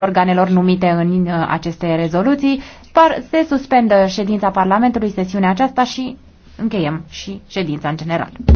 organelor numite în uh, aceste rezoluții. Par, se suspendă ședința Parlamentului, sesiunea aceasta și încheiem și ședința în general.